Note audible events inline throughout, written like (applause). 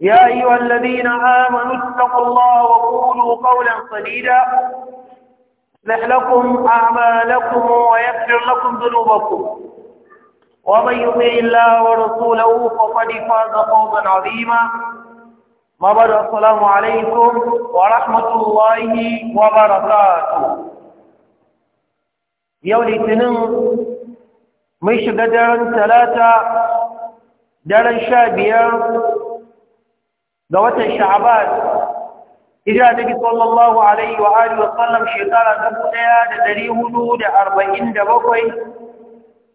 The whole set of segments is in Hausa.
يا أيها الذين آمنوا اتقوا الله وقولوا قولا صديدا يصلح لكم أعمالكم ويغفر لكم ذنوبكم ومن يطع الله ورسوله فقد فاز فوزا عظيما ما بعد السلام عليكم ورحمة الله وبركاته يولي تنم مش قدر ثلاثة دارن شابية ga watan sha'aban hijira nabi sallallahu alaihi wa alihi wa sallam shekara 1447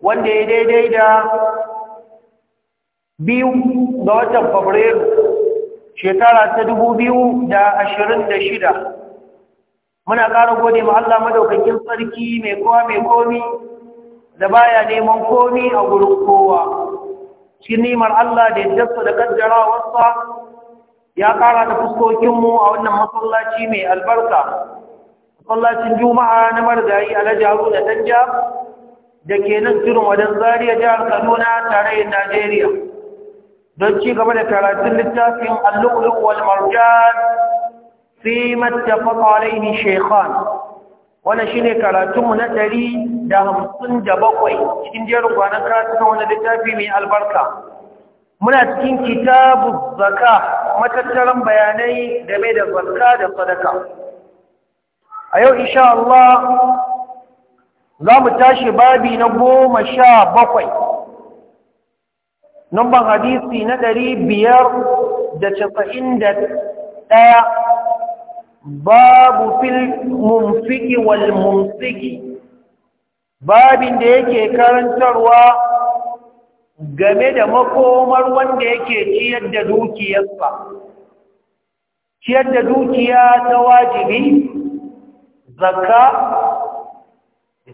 wanda ya daidai da biyu ga watan fabrairu shekara ta 2026 muna ƙara gode ma Allah madaukakin sarki mai kowa mai komi da baya neman komi a gurin kowa cikin nimar Allah da yadda da kaddara wasa ya ƙara da fuskokinmu a wannan masallaci mai albarka masallacin juma'a na marigayi alhaji haruna danja da ke nan turin wajen zariya jihar kaduna da najeriya don ci gaba da karatun littafin allu'ulu wal marjan fi mattafaqa alaihi shaykhan wannan shine karatunmu na ɗari da hamsin da bakwai cikin jerin gwanan karatun wani littafi mai albarka muna cikin kitabu zaka matattaran bayanai game da zaka da sadaka a yau insha Allah za mu tashi babi na goma sha bakwai numban hadisi na ɗari biyar da casa'in da ɗaya babu fil mumfiki wal mumfiki babin da yake karantarwa game da makomar wanda yake ciyar da dukiyarsa ciyar da dukiya ta wajibi zakka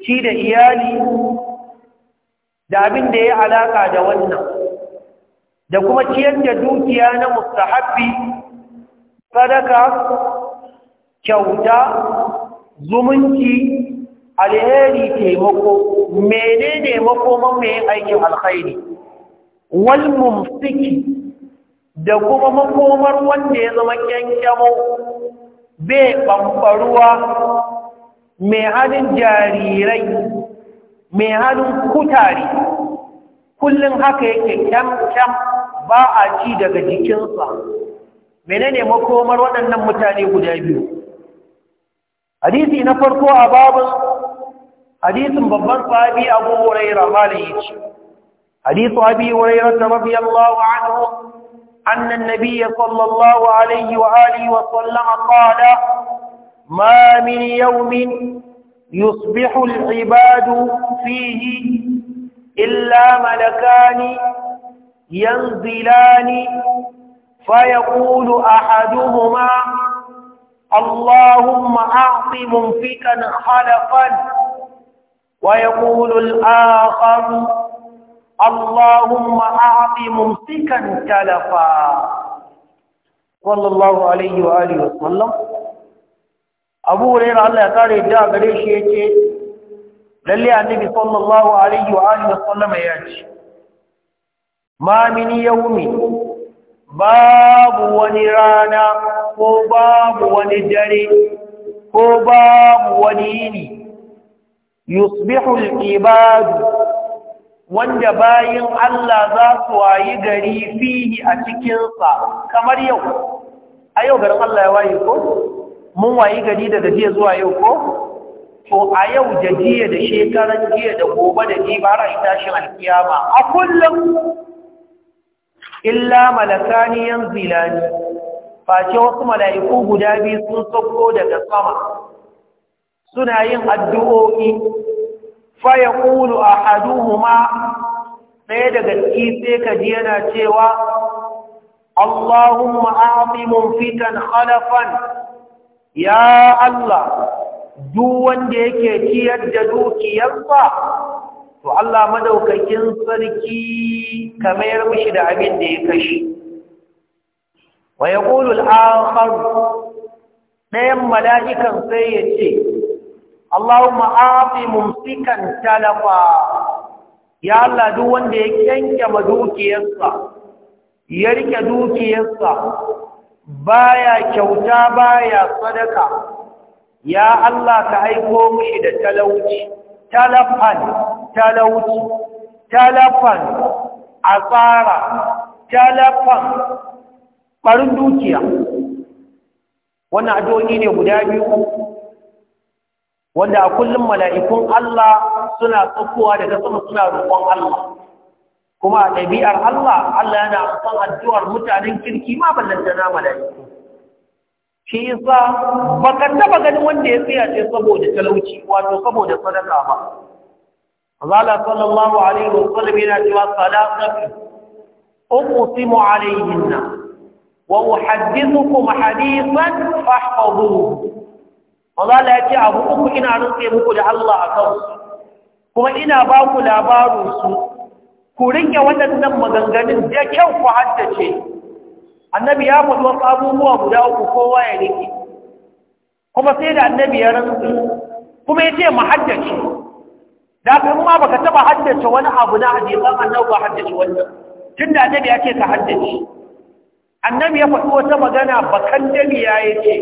ci da iyali da abin da ya alaka da wannan da kuma ciyar da dukiya na mustahabbi sadaka kyauta zumunci alheri taimako menene makoman mai aikin alkhairi wal mumsiki da kuma makomar wanda ya zama kyankyamo bai ɓamɓaruwa mai halin jarirai mai halin kutare kullum haka yake kyamkyam ba a ci daga jikinsa menene makomar waɗannan mutane guda biyu hadisi na farko a babin hadisin babban sahabi yi hurairah malam yace حديث أبي هريرة رضي الله عنه أن النبي صلى الله عليه وآله وسلم قال ما من يوم يصبح العباد فيه إلا ملكان ينزلان فيقول أحدهما اللهم أعط منفكا خلقا ويقول الآخر اللهم اعط ممسكا تلفا صلى الله عليه واله وسلم ابو هريره الله يقال يدعى غري شيء يجي للي النبي صلى الله عليه واله وسلم يجي ما من يوم باب ونرانا وباب ونجري وباب ونيني يصبح الإباد wanda bayin Allah za su wayi gari fihi a cikinsa kamar yau a yau garin Allah ya waye ko mun wayi gari daga jiya zuwa yau ko to a yau da jiya da shekaran jiya da gobe da jiba har a tashin alkiyama a kullum illa malakani yanzilani face wasu mala'iku guda biyu sun sauko daga sama suna yin addu'o'i fa ya a haduhuma ɗaya daga ciki sai ka ji yana cewa Allahumma a'ti mumfitan khalafan ya Allah duk wanda yake ciyar da dukiyarsa to Allah madaukakin sarki ka mayar mishi da abin da ya kashi wa yaqulu al-akhar mala'ikan sai ya ce Allahumma afi mumsikan talafa ya Allah duk wanda ya kyanke madukiyarsa ya rike dukiyarsa baya kyauta baya sadaka ya Allah ka aiko mushi da talauci talafan talauci talafan asara talafan barin dukiya wannan addu'o'i ne guda biyu wanda a kullum mala'ikun Allah suna tsakowa daga sama suna roƙon Allah kuma a ɗabi'ar Allah Allah yana son addu'ar mutanen kirki ma ballanta na mala'iku shi yasa baka taba ganin wanda ya tsaya ce saboda talauci wato saboda sadaka ba Allah sallallahu alaihi wa sallam yana cewa salatu alaihinna wa uhaddithukum hadithan fahfazuhu Mazala ya ce abu uku ina rantse muku da Allah a kansu, kuma ina ba ku su. ku rinke waɗannan maganganun da kyau ku haddace. Annabi ya faɗi wasu abubuwa guda uku kowa ya rike, kuma sai da annabi ya rantsu, kuma ya ce mu haddace. Da ka ma baka taɓa haddace wani abu na hadisan annabi ba haddace wannan, Tunda annabi ya ce ka haddace. Annabi ya faɗi wata magana bakan dami ya yi ce,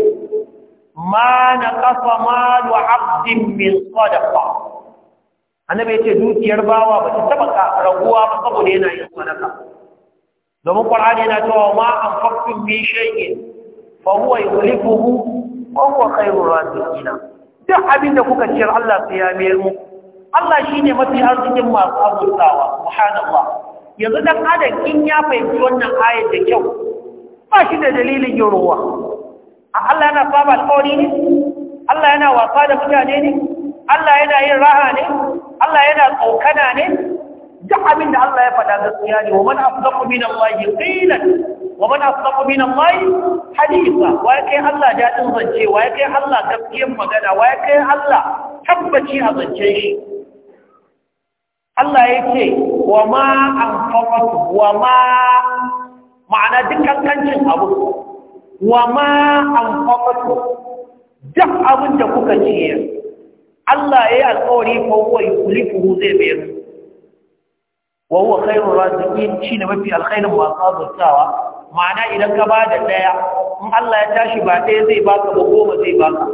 Mana kafa malu 'abdin min sadaqa annabi yace dukiyar bawa ba ta taba raguwa ba saboda yana yin sadaka domin qur'ani yana cewa ma anfaqtum min shay'in fa huwa yuhlifuhu wa huwa khairur raziqina duk abin da kuka ciyar Allah sai ya mayar muku Allah shine mafi arzikin masu azurtawa subhanallah yanzu dan adam ya fahimci wannan ayat da kyau ba shi da dalilin yin Allah yana saba alƙawari ne Allah yana wasa da mutane ne Allah yana yin raha ne Allah yana tsokana ne duk abin da Allah ya faɗa gaskiya ne wa man asdaqu min Allah qilan wa man asdaqu min Allah hadisa wa ya kai Allah daɗin zance wa ya kai Allah gaskiyar magana wa ya kai Allah tabbaci a zancen shi Allah ya ce wa ma anfaqtu wa ma ma'ana dukkan kancin abu wa ma anfaqtu duk abin da kuka ciye? Allah ya yi alƙawari fa kuli yukhlifuhu zai bayar wa huwa khairur raziqin shine mafi alkhairin masu azurtawa ma'ana idan ka ba da ɗaya in Allah ya tashi ba ɗaya zai baka ba goma zai baka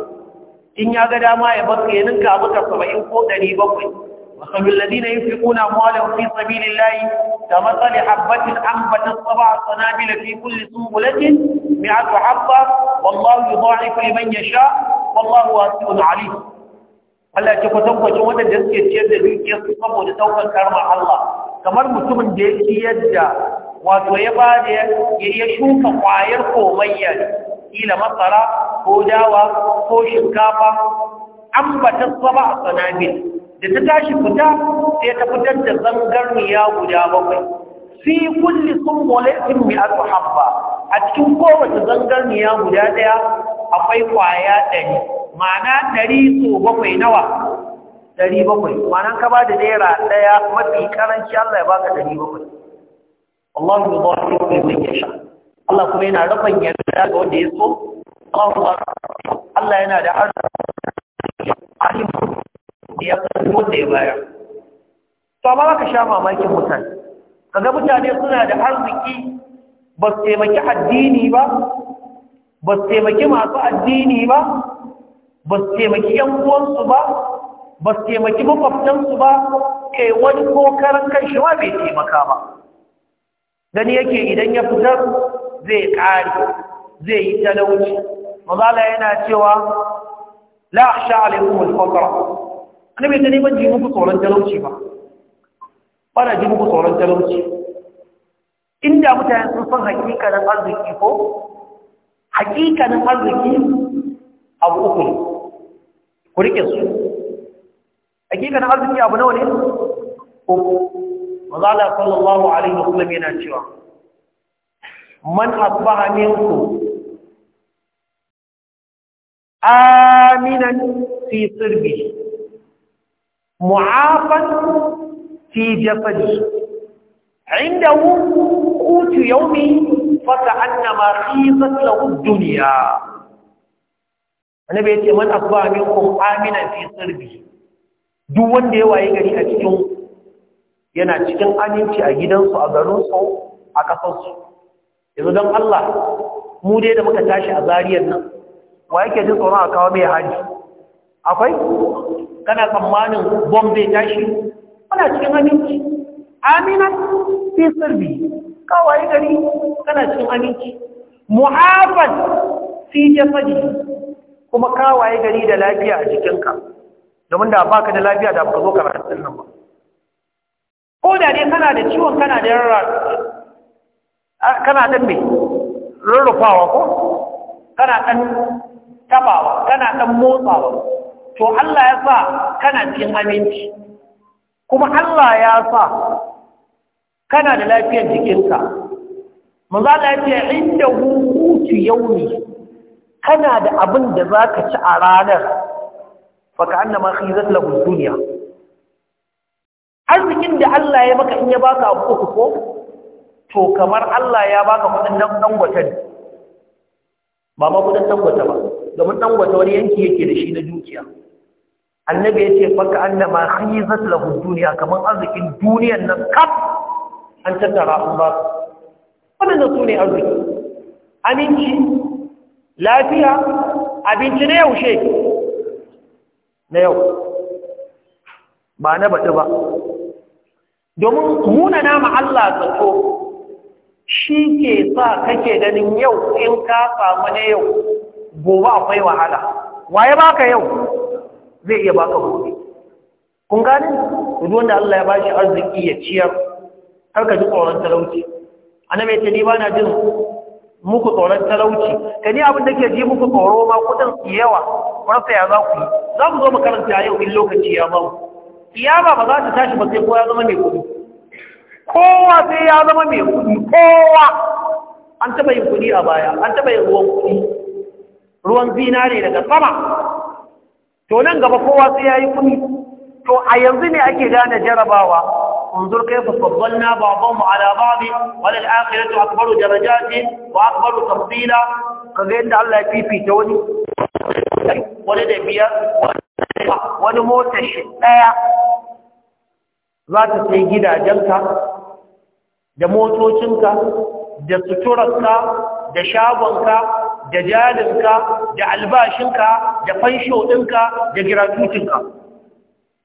in ya ga dama ya baka ya ninka abu saba'in ko ɗari bakwai مثل الذين ينفقون أموالهم في سبيل الله كمثل حبة أنبتت سبع سنابل في كل سنبلة مئة حبة والله يضاعف لمن يشاء والله واسع عليم Allah ce kwatankwacin waɗanda suke ciyar da dukiyar su saboda saukar karmar Allah kamar mutumin da ya ciyar da wato ya ba da ya shuka kwayar komayya kila masara ko dawa ko shinkafa an ta saba a sanabil da ta tashi fita sai ta fitar da zangarniya guda bakwai fi kulli mai mi'atu habba a cikin kowace zangarniya guda daya akwai kwaya ɗari ma'ana ɗari so bakwai nawa ɗari bakwai ma'ana ka ba da naira ɗaya mafi karanci, Allah ya baka ɗari bakwai Allah ya zuwa ɗin mai ya sha Allah kuma yana rufin yarda ga wanda ya so Allah yana da arziki ya karfi wanda ya bayar to amma ka sha mamakin mutane kaga mutane suna da arziki ba su taimaki addini ba ba su taimaki masu addini ba ba su taimaki ‘yan uwansu ba ba su taimaki makwabtansu ba kai wani kokarin kan shi ma bai taimaka ba gani yake idan ya fitar zai ƙari zai yi talauci mazala yana cewa la'asha alaikumul fakara annabi ta neman ji muku tsoron talauci ba ba na ji muku tsoron talauci inda mutane sun san na arziki ko na arziki abu uku ne ku rike su na arziki abu nawa ne uku mazala sallallahu alaihi sallam yana cewa man asbaha minkum aminan fi sirbihi mu'afan fi jasadi indahu qutu yawmi fa ka'annama khizat lahu ad-dunya bai yace man asba ku amina fi sirbi duk wanda ya waye gari a cikin yana cikin aminci a gidansu a su a kasansu yanzu don Allah mu dai da muka tashi a zariyan nan wa yake jin tsoron a kawo mai haji akwai kana tsammanin bom ta tashi Kana cikin aminci Amina fi sirri kawai gari kana cikin aminci muhafaz fi jasadi kuma kawai gari da lafiya a jikinka domin da baka da lafiya da baka zo karatun nan ba ko da dai kana da ciwon kana da rarra kana dan me rurrufawa ko kana dan tabawa kana dan motsawa to Allah ya sa kana cikin aminci kuma Allah ya sa kana da lafiyar jikinka manzo Allah ya ce inda hutu yauni kana da abin da zaka ci a ranar fa ka annama khizat lahu dunya arzikin da Allah ya maka in ya baka abu ko to kamar Allah ya baka kudin dan gwatan ba ma kudin dangwata ba domin dangwata wani yanki yake da shi na dukiya annabi ya ce faka annama khizat lahu duniya kamar arzikin duniyan nan kaf an tattara an ba wannan su ne arziki aminci lafiya abinci na yaushe na yau ba na baɗi ba domin muna nama Allah zato shi ke sa kake ganin yau in ka samu na yau gobe akwai wahala waye baka yau zai iya baka gobe kun gani wanda Allah ya bashi arziki ya ciyar har ka ji tsoron talauci annabi ce ni bana jin muku tsoron talauci ka ni abin da ke ji muku tsoro ma kudin iyawa yawa farsa ya za ku yi za ku zo makaranta yau in lokaci ya ba iyama ba za ta tashi ba sai ko ya zama mai kudi kowa sai ya zama mai kudi kowa an taba yin kudi a baya an taba yin ruwan kudi ruwan zinare daga sama to nan gaba kowa sai ya yi kudi to a yanzu ne ake gane jarabawa انظر كيف فضلنا بعضهم على بعض وللآخرة أكبر درجات وأكبر تفضيلا wa أن الله في في توني ولد fifita wani mota shi ɗaya za ta sai gidajenka da motocinka da suturarka da shagonka da jalinka da albashinka da fansho ɗinka da giratutinka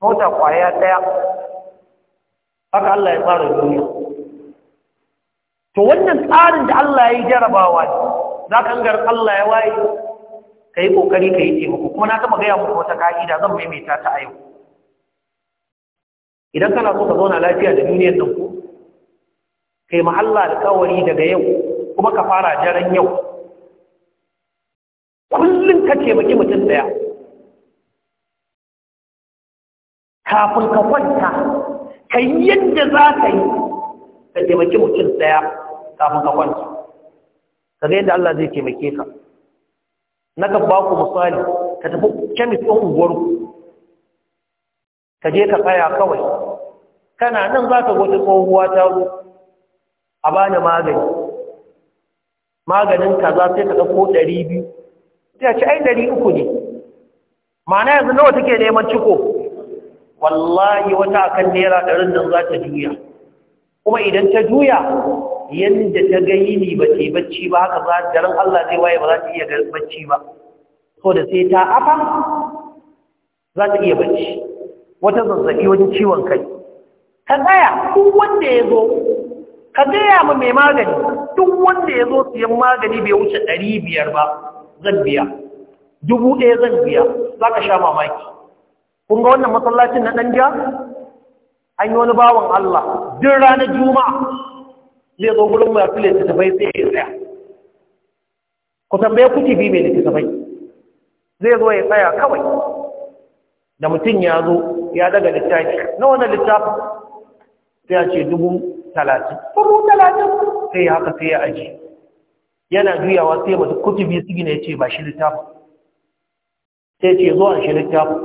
mota kwaya ɗaya haka Allah ya fara duniya to wannan tsarin da Allah ya yi jarabawa ne za ka hangar Allah ya waye ka yi ƙoƙari ka yi taimako kuma na taɓa gaya muku wata ka'ida zan maimaita ta a yau idan kana so ka zauna lafiya da duniyar nan ko kai ma Allah alƙawari daga yau kuma ka fara jaran yau kullum ka taimaki mutum daya kafin ka kwanta ka yi yadda za ka yi ka taimaki mutum daya kafin ka kwanta ka ga yadda Allah zai taimake ka na kan ba ku misali ka tafi kemis ɗin unguwarku ka je ka tsaya kawai kana nan za ka wata tsohuwa ta zo a bani magani maganin za sai ka ɗauko ɗari biyu sai a ci ai ɗari uku ne ma'ana yanzu nawa take neman ciko wallahi wata akan naira ɗarin nan za ta juya kuma idan ta juya yadda ta ga yini ba ta yi bacci ba haka za daren Allah zai waye ba za ta iya ga bacci ba so da sai ta afa za ta iya bacci wata zazzabi wani ciwon kai ka tsaya duk wanda ya zo ka gaya ma mai magani duk wanda ya zo siyan magani bai wuce ɗari biyar ba zan biya dubu ɗaya zan biya za ka sha mamaki kun ga wannan masallacin na ɗan jiya an yi wani bawan Allah duk ranar juma'a zai zo gudun mai ya fi littattafai sai ya tsaya ku tambaya kuke bi mai littattafai zai zo ya tsaya kawai da mutum ya zo ya daga littafi na wannan littafin sai ce dubu talatin furu talatin sai ya haka sai ya aji yana juyawa sai masu kutubi su gina ya ce ba shi littafin sai ce zuwa shi littafin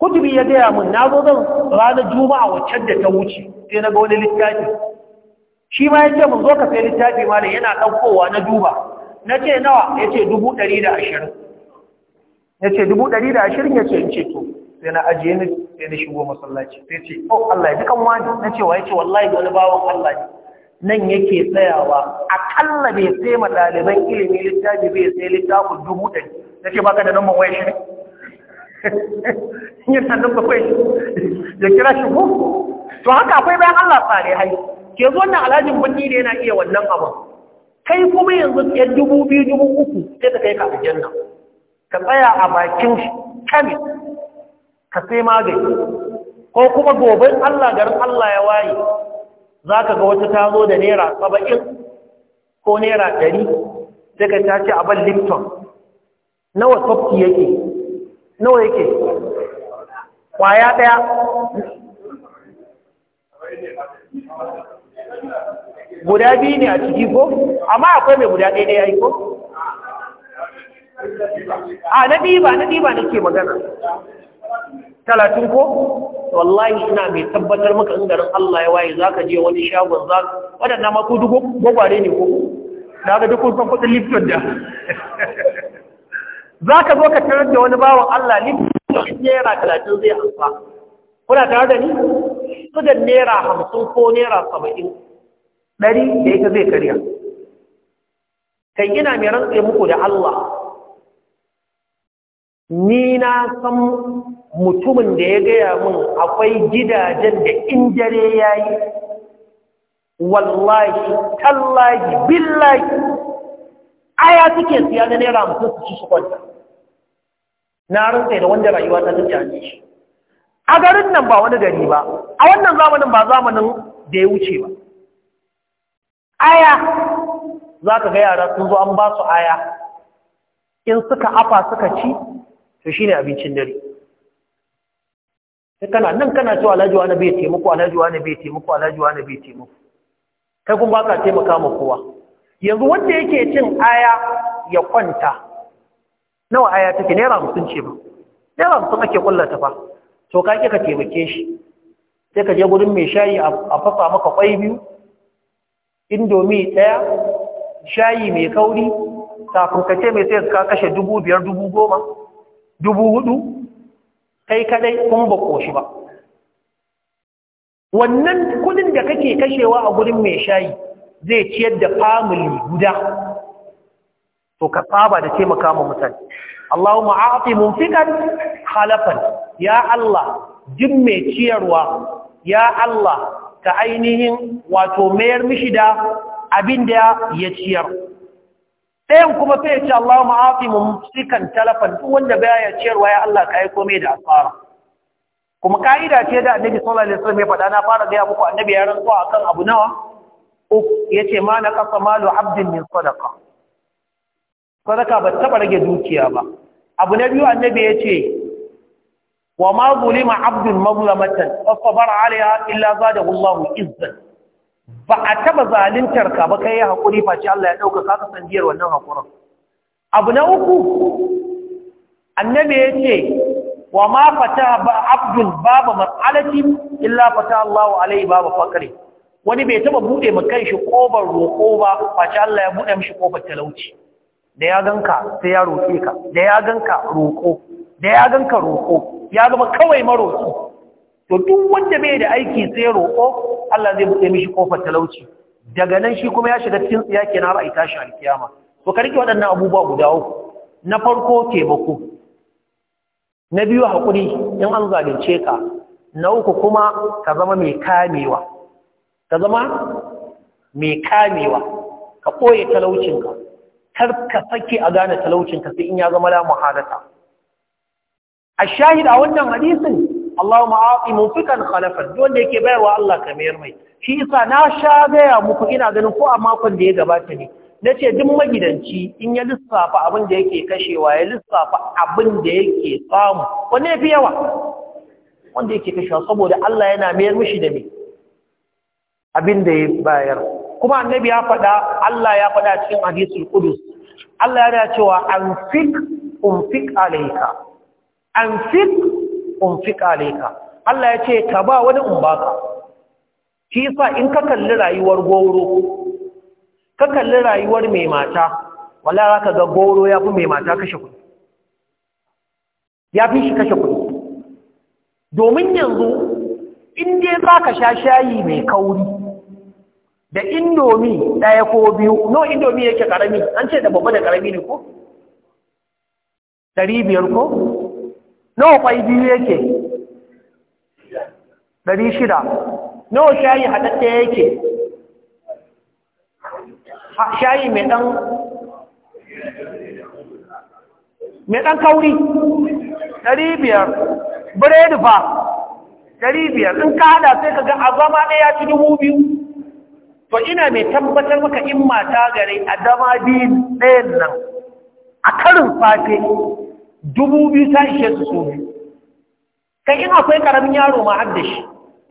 kutubi ya gaya mun na zo zan ranar juma'a waccan da ta wuce sai na ga wani littafi shi ma ya ce mun zo ka sai littafi ma da yana ɗaukowa na duba na ce nawa ya ce dubu ɗari da ashirin ya ce dubu ɗari da ashirin ya ce in ce to sai na ajiye ni sai na shigo masallaci sai ce o oh, Allah dukan wani na cewa yace wallahi wani bawan Allah nan yake tsayawa akalla bai sai ma ɗaliban ilimi littafi bai sai littafin dubu ɗari na ce baka da nan waya shi ne yin sannan ba kwai ya kira shi ko to haka akwai bayan Allah tsare hai ke zo nan alhajin bunni ne yana iya wannan abin kai kuma yanzu yan dubu biyu dubu uku sai ka kai ka janna. ka tsaya a bakin kamis ka sai magani ko kuma gobe Allah garin Allah ya waye za ka ga wata ta zo da naira saba'in ko naira ɗari daga ta ce abin lipton nawa softi yake nawa yake kwaya ɗaya guda biyu ne a ciki ko amma akwai mai guda ɗaya yi ko a na ɗiba na ɗiba nake magana talatin ko wallahi ina mai tabbatar maka in garin Allah ya waye zaka je wani shagon za wadanna ma ku dugo gogware ne ko da ga duk kun kudin lifton da (laughs) zaka zo ka tarar da wani bawan Allah lifton naira 30 zai amsa kuna tare da ni su da naira 50 ko naira 70 dari da ita zai karya kai ina mai rantsa muku da Allah ni na san mutumin da ya gaya mun akwai gidajen da in dare ya yi wallahi tallahi billahi aya suke siya na naira mutum su ci su kwanta na rinsa da wanda rayuwa ta tafi a shi a garin nan ba wani gari ba a wannan zamanin ba zamanin da ya wuce ba aya za ka ga yara sun zo an ba su aya in suka afa suka ci to shi ne abincin dare sai kana nan kana cewa alhaji wani bai taimako alhaji wani bai taimako alhaji wani bai taimako kai kuma baka taimaka ma kowa yanzu wanda yake cin aya ya kwanta nawa aya take naira hamsin ce ba naira hamsin ake kullata fa to ka ka taimake shi sai ka je gurin mai shayi a fasa maka kwai biyu indomi ɗaya shayi mai kauri kafin ka ce mai sai ka kashe dubu biyar dubu goma dubu hudu kai kadai kuma ba koshi ba wannan kudin da kake kashewa a gurin mai shayi zai ciyar da famili guda to ka saba da taimaka ma mutane Allahumma a'ti munfiqan khalafan ya Allah jin mai ciyarwa ya Allah ka ainihin wato mayar mishi da abin da ya ciyar ɗayan kuma sai ya ce Allah ma'afi mumsikan talafan duk wanda baya ya ciyarwa ya Allah ka yi komai da asara kuma ka'ida ce da annabi sallallahu alaihi wasallam ya faɗa na fara gaya muku annabi ya rantsuwa akan abu nawa ya ce ma na ƙasa malu abdin min sadaka sadaka ba taɓa rage dukiya ba abu na biyu annabi ya ce wa ma zulima abdun mazlamatan fa sabara alaiha illa zadahu Allahu izzan ba a taba zaluntar ka ba kai ya haƙuri face Allah ya ɗauka ka sanjiyar wannan haƙurin abu na uku annabi ya ce wa ma fata ba abdul Baba mas'alati illa fata Allahu alaihi Baba fakari wani bai taba buɗe ma shi ƙobar roƙo ba face Allah ya buɗe mishi ƙofar talauci da ya ganka sai ya roƙe ka da ya ganka roƙo da ya ganka roƙo ya zama kawai maroƙi to duk wanda bai da aiki sai roƙo Allah zai buɗe mishi kofar talauci daga nan shi kuma ya shiga cikin tsiya kenan ra'ayi tashi alkiyama to ka rike waɗannan abubuwa guda uku na farko ke taimako na biyu hakuri in an zalunce ka na uku kuma ka zama mai kamewa ka zama mai kamewa ka ɓoye talaucinka kar ka sake a gane talaucinka sai in ya zama la muhalata a shahida a wannan hadisin Allahumma fi kan halafar don da yake bayarwa Allah ka mayar mai shi isa na sha gaya muku ina ganin ko a makon da ya gabata ne Na ce duk magidanci in ya lissafa abin da yake kashewa ya lissafa abin da yake samu wanne fi yawa wanda yake kashewa saboda Allah yana mayar mishi da me abin da ya bayar kuma annabi ya faɗa Allah ya faɗa cikin hadisul qudus Allah yana cewa anfiq unfiq alayka anfiq unfiqa ka, Allah ya ce ka ba wani in baka shi yasa in ka kalli rayuwar goro ka kalli rayuwar mai mata wallahi zaka ga goro ya fi mai mata kashe kuɗi ya fi shi kashe kudi. domin yanzu in dai zaka sha shayi mai kauri da indomi ɗaya ko biyu no indomi yake karami an ce da babba da karami ne ko ɗari biyar ko nawa kwai biyu yake ɗari shida nawa shayi haɗaɗɗe yake shayi mai ɗan mai ɗan kauri ɗari biyar biredi fa ɗari biyar in ka haɗa sai ka ga azama ɗaya ci dubu biyu to ina mai tabbatar maka in mata gare a dama biyu ɗayan nan a karin fafe dubu biyu ta ishe su so kai in akwai karamin yaro ma har da shi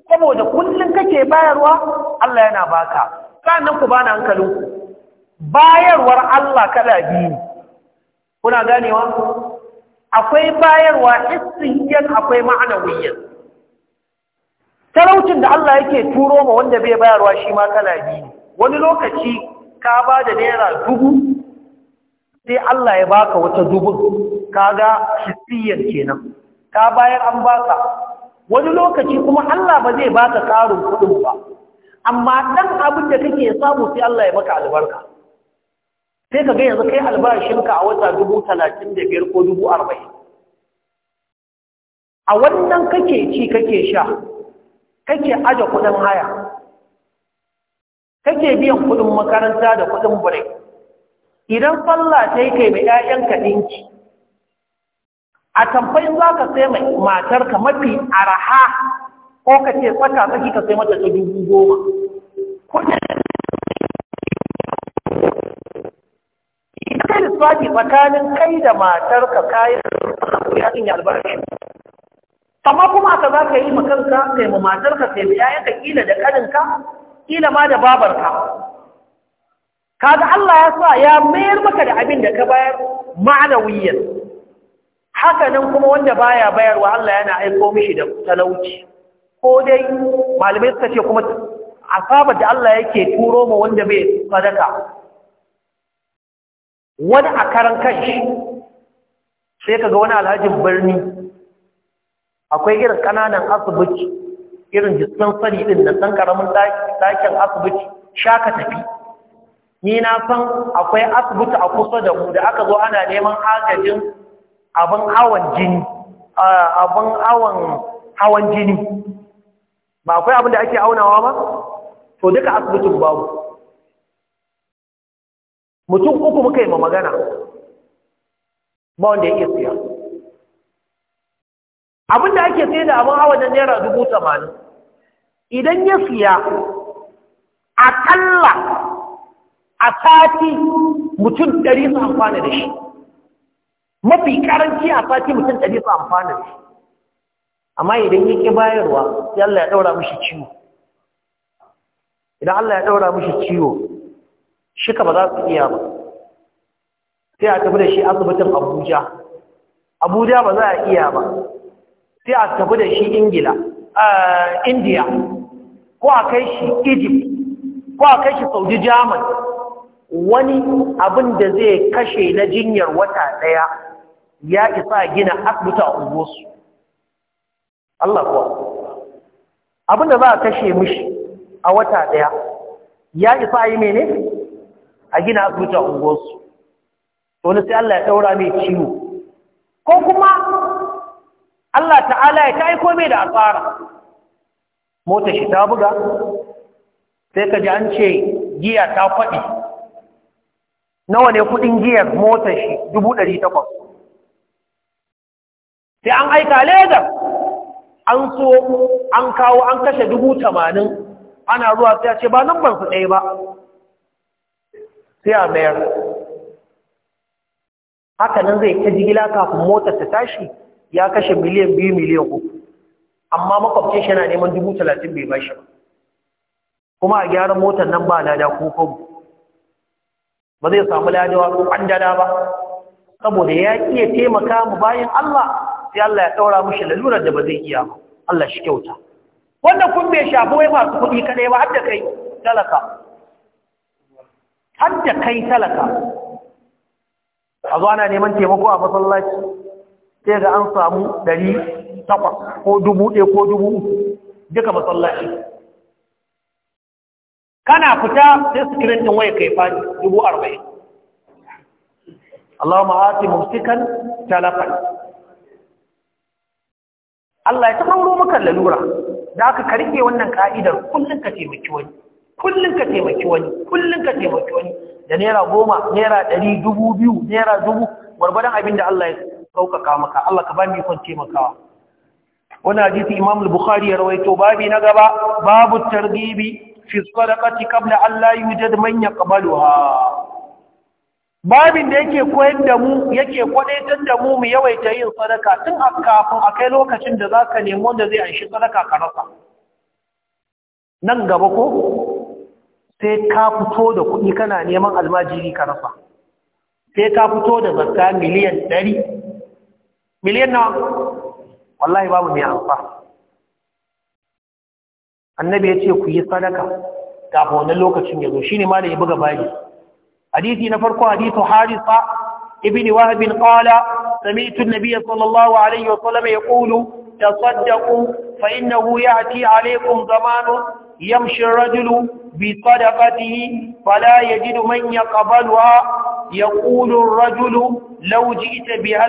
saboda kullum kake bayarwa Allah yana baka sannan ku bani hankalin ku bayarwar Allah kala biyu kuna ganewa akwai bayarwa hissiyan akwai ma'anawiyyan talaucin da Allah yake turo ma wanda bai bayarwa shi ma kala biyu wani lokaci ka ba da naira dubu sai Allah ya baka wata dubu kaga hissiyar kenan ka bayar an baka wani lokaci kuma Allah ba zai baka karin kuɗin ba amma dan abin da kake samu sai Allah ya maka albarka sai ka ga yanzu kai albashinka a wata dubu talatin ko dubu a wannan kake ci kake sha kake aje kuɗin haya kake biyan kuɗin makaranta da kuɗin bure idan sallah ta yi kai mai 'ya'yanka ɗinki a tamfai za ka sai mai matar ka mafi araha ko ka ce tsaka tsaki ka sai mata ta dubu goma kudin kai tsaki tsakanin kai da matarka kayan yakin ya albarki amma kuma ka za ka yi ma kanka kai ma matar ka sai ma yayanka kila da kaninka kila ma da babarka kaga Allah ya sa ya mayar maka da abin da ka bayar ma'anawiyyar Hakanan kuma wanda baya bayarwa Allah yana aiko mishi da talauci ko dai malamai suka ce kuma asabar da Allah yake turo mu wanda bai sadaka wani a karan kanshi sai kaga wani alhajin birni akwai irin kananan asibiti irin sani din da dan karamin dakin asibiti shaka tafi ni na san akwai asibiti a kusa da mu da aka zo ana neman agajin abin awon jini abin hawan hawan jini ba akwai abin da ake aunawa ba to duka asibitin babu mutum uku muka yi ma magana ba wanda ya iya siya abin da ake sai da abin hawan na naira dubu tamanin idan ya siya akalla a sati mutum ɗari su amfani da shi mafi karanci a sati mutum ɗari su amfana shi amma idan ya ƙi bayarwa sai Allah ya ɗaura mushi ciwo idan Allah ya ɗaura mushi ciwo ka ba za su iya ba sai a tafi da shi asibitin Abuja Abuja ba za a iya ba sai a tafi da shi Ingila eh, India ko a kai shi Egypt ko a kai shi Saudi German wani abin da zai kashe na jinyar wata ɗaya ya isa gina asibiti a unguwarsu Allah kuwa abinda za a kashe mishi a wata ɗaya. ya isa yi mene a gina asibiti a unguwarsu wani sai Allah ya daura mai ciwo ko kuma Allah ta'ala ya kai mai da asara mota shi ta buga sai ka ji an ce giya ta faɗi nawa ne kuɗin giyar motar shi dubu ɗari takwas sai an aika Legas an so an kawo an kashe dubu tamanin ana zuwa sai a ce ba nan ban su ɗaya ba sai a mayar haka nan zai ta jigila kafin motar ta tashi ya kashe miliyan biyu miliyan uku amma makwabcin shi yana neman dubu talatin bai bashi ba kuma a gyaran motar nan ba lada ko kogo ba zai samu ladawa ko an dada ba saboda ya iya taimaka mu bayan Allah sai Allah ya ɗaura mushi lalurar da ba zai iya ba Allah shi kyauta wannan kun bai shafi wai masu kuɗi kaɗai ba har kai talaka har kai talaka a zo ana neman taimako a masallaci sai ga an samu ɗari takwas ko dubu ɗaya ko dubu uku duka masallaci kana fita sai sikirin ɗin waya kai fadi dubu arba'in Allahumma ati mumsikan talakan. Allah ya taɓa maka lalura da aka karke wannan ka'idar kullum ka taimaki wani kullum ka taimaki wani kullum ka taimaki wani da naira goma naira ɗari dubu biyu naira dubu gwargwadon abin da Allah ya saukaka maka Allah ka ba mu ikon taimakawa wani hadisi Imam Bukhari ya rawaito babi na gaba babu targibi fi sadaqati qabla an la yujad man yaqbaluha babin da yake koyar da mu yake kwadaitar da mu mu yawaita yin sadaka tun kafin a kai lokacin da za ka nemo da zai anshi sadaka ka rasa nan gaba ko sai ka fito da kuɗi kana neman almajiri ka rasa sai ka fito da zakka miliyan ɗari miliyan na wallahi babu mai amfa annabi ya ce ku yi sadaka kafin wannan lokacin ya zo shi ne ya buga baji حديثي نفرق حديث حارثة ابن وهب قال سمعت النبي صلى الله عليه وسلم يقول تصدقوا فإنه يأتي عليكم زمان يمشي الرجل بصدقته فلا يجد من يقبلها يقول الرجل لو جئت بها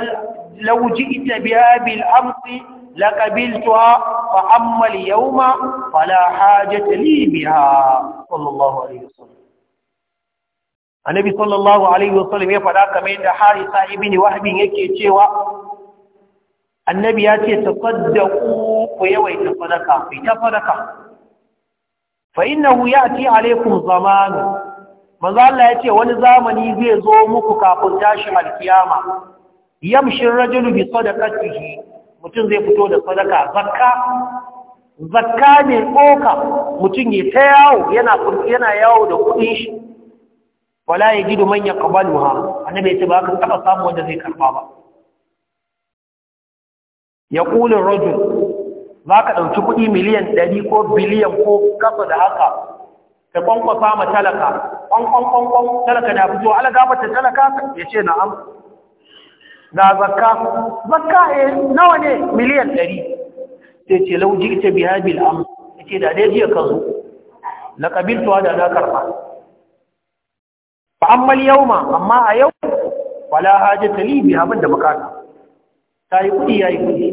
لو جئت بها بالأمس لقبلتها فأما اليوم فلا حاجة لي بها صلى الله عليه وسلم annabi sallallahu alaihi wasallam ya faɗa kamar yadda harisa ibn wahbin yake cewa annabi ya ce tasaddaqu ku yawaita sadaka fi ta sadaka fa innahu yati alaikum zaman manzo Allah ya ce wani zamani zai zo muku kafin tashi alkiyama yamshi rajulu bi sadaqatihi mutum zai fito da sadaka zakka zakka ne tsoka mutum ya ta yawo yana yana yawo da kudin shi wala ya yajidu man ha annabi yace ba ka taba samu wanda zai karba ba yaqulu ar-rajul ka dauki kudi miliyan 100 ko biliyan ko kafa da haka ka ƙwanƙwa ma talaka kwankwankwankwan talaka da fito ala ta talaka ya na'am na zakka zakka eh nawa ne miliyan 100 sai ce lauji ita bihabil am ce da dai jiya ka zo laqabiltu da na karba fa ammal yawma amma a yau wala hajata li bi abin da bukata tayi kudi yayi kudi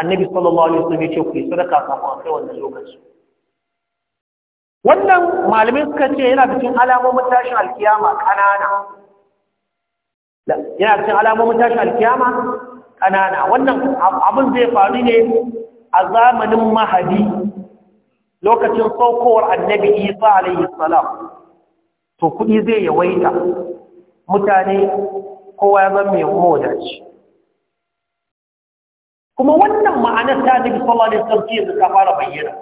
annabi sallallahu alaihi wasallam ce ku yi sadaka kafin a kai wannan lokaci wannan malamin suka ce yana cikin alamomin tashin alkiyama kanana yana cikin alamomin tashin alkiyama kanana wannan abin zai faru ne a zamanin mahadi lokacin saukowar annabi isa alaihi salam to kuɗi zai yawaita mutane kowa ya zama mai mawadaci kuma wannan ma'anar ta nabi sallallahu alaihi wasallam ce ta fara bayyana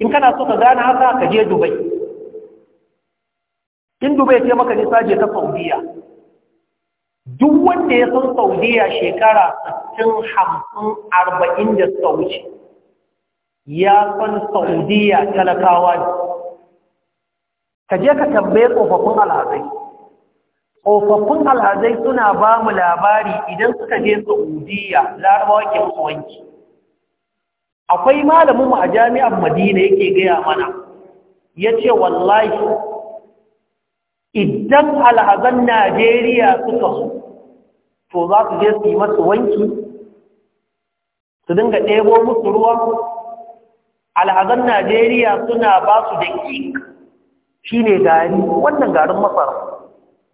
in kana so ka gane haka ka je dubai in dubai ce maka nisa je ta saudiya duk wanda ya san saudiya shekara 60 hamsin arba'in da suka wuce ya san saudiya talakawa ne ka je ka tambaye tsofaffin alhazai tsofaffin alhazai suna ba mu labari idan suka je saudiya larabawa ke musu wanki akwai malamin mu a jami'ar madina yake gaya mana ya ce wallahi idan alhazan najeriya suka su to za su je su yi masu wanki su dinga ɗebo musu ruwa alhazan najeriya suna ba su da ƙiƙa shi ne gari wannan garin masara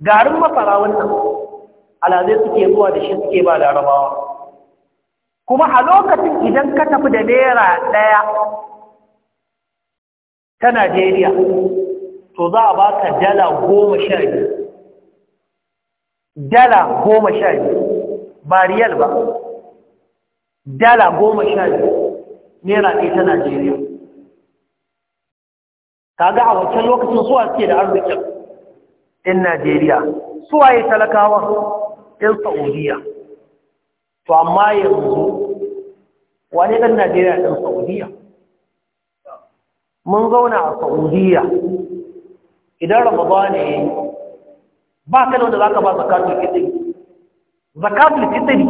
garin masara wannan alazai suke zuwa da shi suke ba rabawa. kuma a lokacin idan ka tafi da naira ɗaya ta najeriya to za a baka dala goma sha biyu dala goma sha biyu ba riyal ba dala goma sha biyu naira ɗaya ta najeriya kaga a wancan lokacin suwa suke da arzikin in Najeriya suwaye talakawa in Saudiya to amma yanzu wani dan Najeriya dan Saudiya mun zauna a Saudiya idan Ramadan ne ba ka da zaka ba zakatu fitri zakatu fitri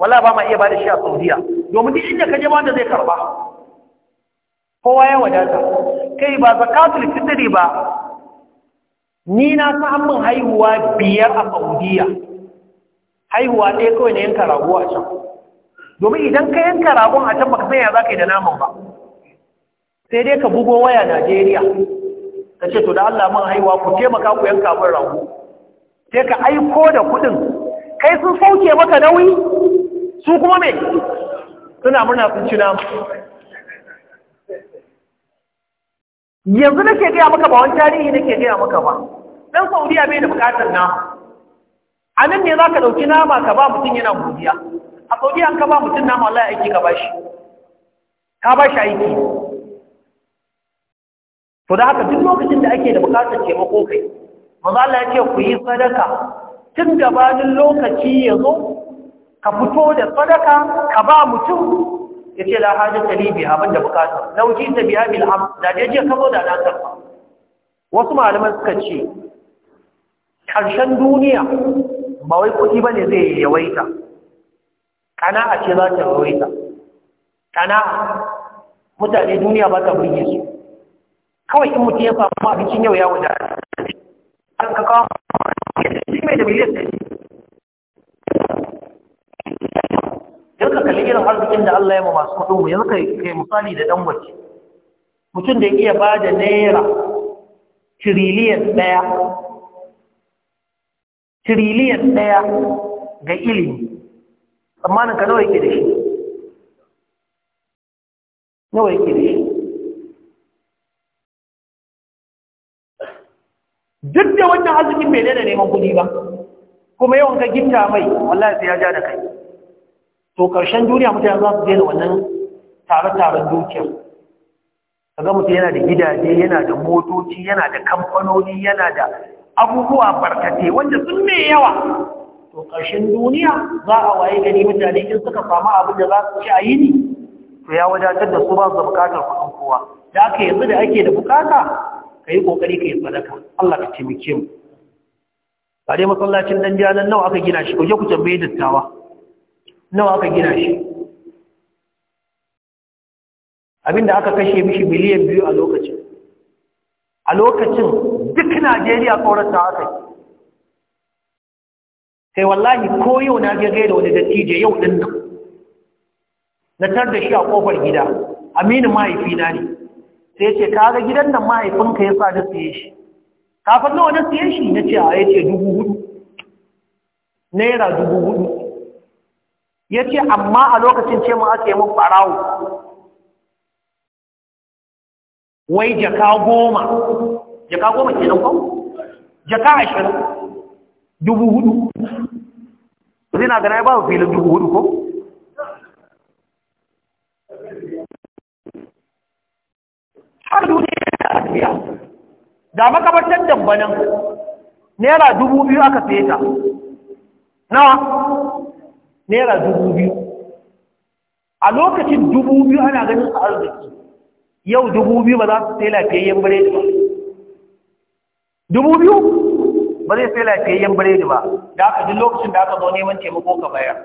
wala ba ma iya ba da shi a Saudiya domin duk inda ka je ma wanda zai karba kowa ya wadata kai ba zakatul fitri ba ni na samun haihuwa biyar a Saudiya haihuwa ɗaya kawai na yanka rago a can domin idan ka yanka ragon a can baka san ya za ka yi da naman ba sai dai ka bugo waya Najeriya ka ce to da Allah mun haihuwa ku taimaka ku yanka mun rago sai ka aiko da kuɗin kai sun sauke maka nauyi su kuma me suna murna sun ci nama yanzu nake gaya maka ba wani tarihi nake gaya maka ba dan saudiya bai da bukatar nama a nan ne za ka ɗauki nama ka ba mutum yana godiya a saudiya an ka ba mutum nama Allah ya aiki ka ba shi ka ba shi aiki to da haka duk lokacin da ake da bukatar taimako kai manzo Allah ya ce ku yi sadaka tun gabanin lokaci ya zo ka fito da sadaka ka ba mutum ya ce la hajji ta libi abin da bukata lauji ta biya bil am da je je kamo da na wasu malaman suka ce ƙarshen duniya ba wai kuɗi ba ne zai yawaita ƙana'a ce za ta yawaita ƙana'a mutane duniya ba ta burge su kawai in mutum ya samu abincin yau ya wadata an ka kawo mai da miliyan yanzu ka kalli irin arzikin da Allah ya ma masu kuɗin mu ka kai misali da ɗan wace mutum da ya iya ba da naira tiriliyan ɗaya tiriliyan ɗaya ga ilimi tsammanin ka nawa yake da shi nawa yake da shi duk da wannan arzikin bai da neman kuɗi ba kuma yawan ka ginta mai wallahi sai ya ja da kai to karshen duniya mutane za su daina wannan tare-taren dukiyar kaga mutum yana da gidaje yana da motoci yana da kamfanoni yana da abubuwa barkate wanda sun mai yawa to karshen duniya za a waye gani mutane in suka samu abin da za su ci a yi ni to ya wadatar da su ba su bukatar kuɗin kowa da aka yanzu da ake da bukata ka yi ƙoƙari ka yi sadaka Allah ka taimake mu ba dai masallacin dan nawa aka gina shi ku je ku tambaye dattawa nawa aka gina shi abinda aka kashe mishi miliyan biyu a lokacin a lokacin duk najeriya tsoronta aka yi sai wallahi ko yau na je gaida wani dattijo yau din nan na tar da shi a kofar gida Aminu mahaifina ne sai ya ce kaga gidan nan mahaifinka ya sa na siye shi kafin nawa na siye shi na ce a ya ce dubu hudu naira dubu hudu ya ce amma a lokacin ce mu ake mun farawo wai jaka goma jaka goma ke nan jaka ashirin dubu hudu zina gana ya ba filin dubu hudu ko har duniya yi tafiya da makamatar dambanin naira dubu biyu aka fiye ta nawa naira dubu biyu a lokacin dubu biyu ana ganin a arziki yau dubu biyu ba za su sai lafiyayyen biredi ba dubu biyu ba zai sai lafiyayyen biredi ba da aka duk lokacin da aka zo neman taimako ka bayar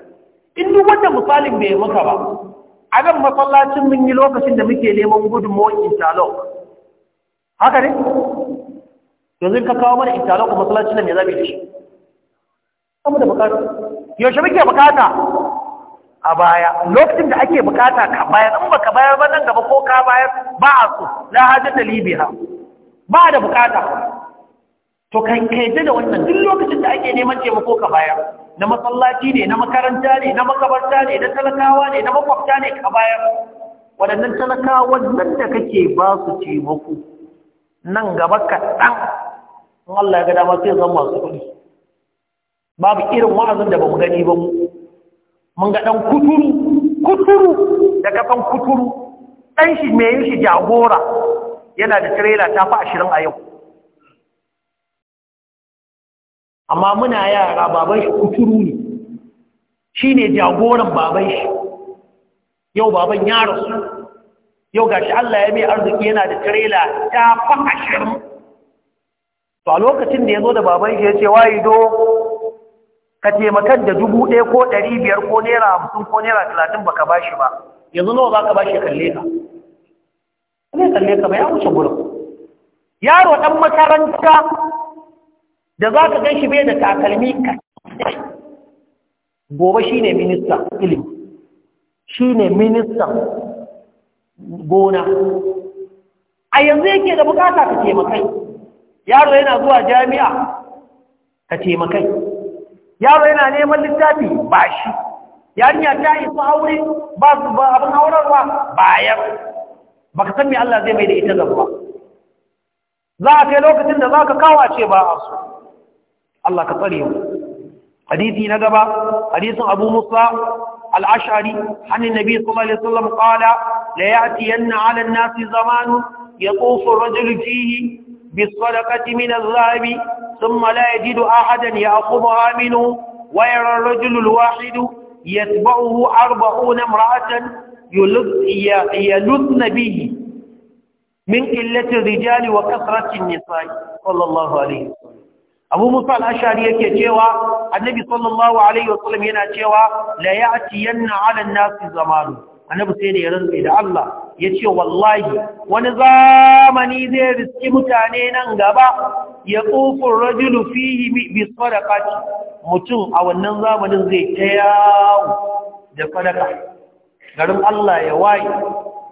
in duk wanda misalin bai maka ba a nan masallacin mun yi lokacin da muke neman gudunmawar interlock haka ne yanzu ka kawo mana interlock masallacin nan ya zabi da shi samu da bukata yaushe muke bukata a baya lokacin da ake bukata ka bayar in baka bayar ba nan gaba ko ka bayar ba a so la hajjata libiha ba da bukata to kai kai da wannan duk lokacin da ake neman taimako ka bayar na masallaci ne na makaranta ne na makabarta ne da talakawa ne na makwabta ne ka bayar waɗannan talakawan nan da kake ba su taimako nan gaba kaɗan in Allah ya ga dama sai zan masu kuɗi babu irin wa'azin da ba mu gani ba mu mun ga ɗan kuturu kuturu da kafan kuturu ɗan shi mai yin shi jagora yana da tirela ta fi ashirin a yau amma muna yara baban shi kuturu ne shi ne jagoran baban shi yau baban ya rasu yau gashi Allah ya mai arziki yana da tirela ta fi ashirin to a lokacin da ya zo da baban shi ya ce wayi do ka taimakar da dubu ɗaya ko ɗari biyar ko naira hamsin ko naira talatin ka ba shi ba yanzu nawa ka ba shi kalle ka ya kalle ka ba ya wuce gurin yaro ɗan makaranta da za ka ganshi bai da takalmi ka gobe shi ne ministan ilimi shi ne ministan gona a yanzu yake da bukata ka taimakai yaro yana zuwa jami'a ka taimakai yaro yana neman littafi ba shi yarinya ta isa aure ba su ba abin aurarwa bayan ba ka san me Allah zai mai da ita gaba za a kai lokacin da za ka kawo ce ba a su Allah ka tsare mu hadisi na gaba hadisin Abu Musa al-Ash'ari an annabi sallallahu alaihi wasallam qala la ya'tiyanna 'ala an-nasi zamanun yaqufu ar-rajulu fihi sadaqati min adh-dhahabi ثم لا يجد أحدا يأخذها منه ويرى الرجل الواحد يتبعه أربعون امرأة يلذن به من قلة الرجال وكثرة النساء صلى الله عليه وسلم abu musa al'ashari yake cewa annabi sallallahu alaihi wasallam yana cewa la ya'ti yanna 'ala an-nasi zamanu annabi sai da ya rantsa da Allah ya ce wallahi wani zamani zai riski mutane nan gaba ya ƙofin rajulu fihi bi sadaka mutum a wannan zamanin zai ta yawo da sadaka garin Allah ya waye